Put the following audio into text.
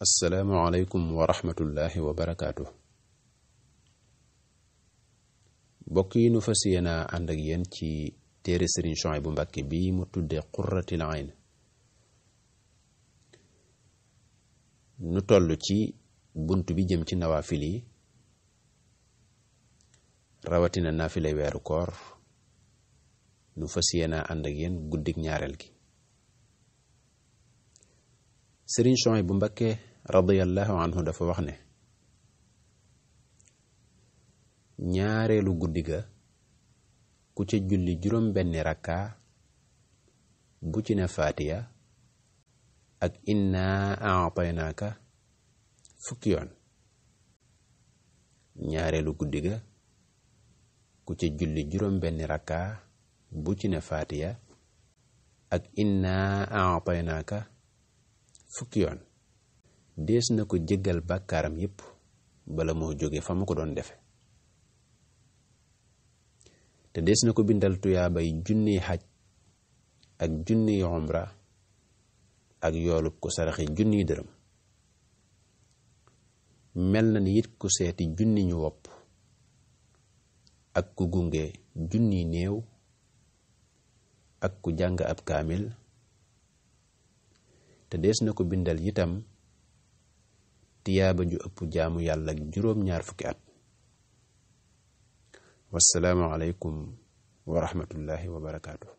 asalaamualeykum wa rahmatullahi wa bokk yi nu fas yéenaa ànd ak ci téere sëriñ Souhaïbou Mbacké bii mu tuddee Qurratul Ayn nu toll ci bunt bi jëm ci nawaafil yi rawatina naafilay weeru koor nu fas yéenaa ànd ak guddik ñaareel gi sëriñ bu Mbacké radiyallahu anhu dafa wax ne ñaareelu guddi ga ku ca julli juróom benni rakka bu ci ne faatiya ak inna aataynaaka fukki yoon ñaareelu guddi ga ku ca julli juróom benni rakka bu ci ne faatiya ak inna aataynaaka fukki yoon des na ko jegal bakaram yep bala mo joge fam ko don defe te des na ko bindal bay junni haj ak junni umra ak yolup ko saraxi junni dërëm mel na ni yit ko seti junni ñu wop ak ku gungé junni neew ak ku jang ab kamil. te des na ko bindal yitam tiyaaba ju ëpp jaamu yàlla ak juróom-ñaar fukki at wassalaamu aleykum wa rahmatullahi wa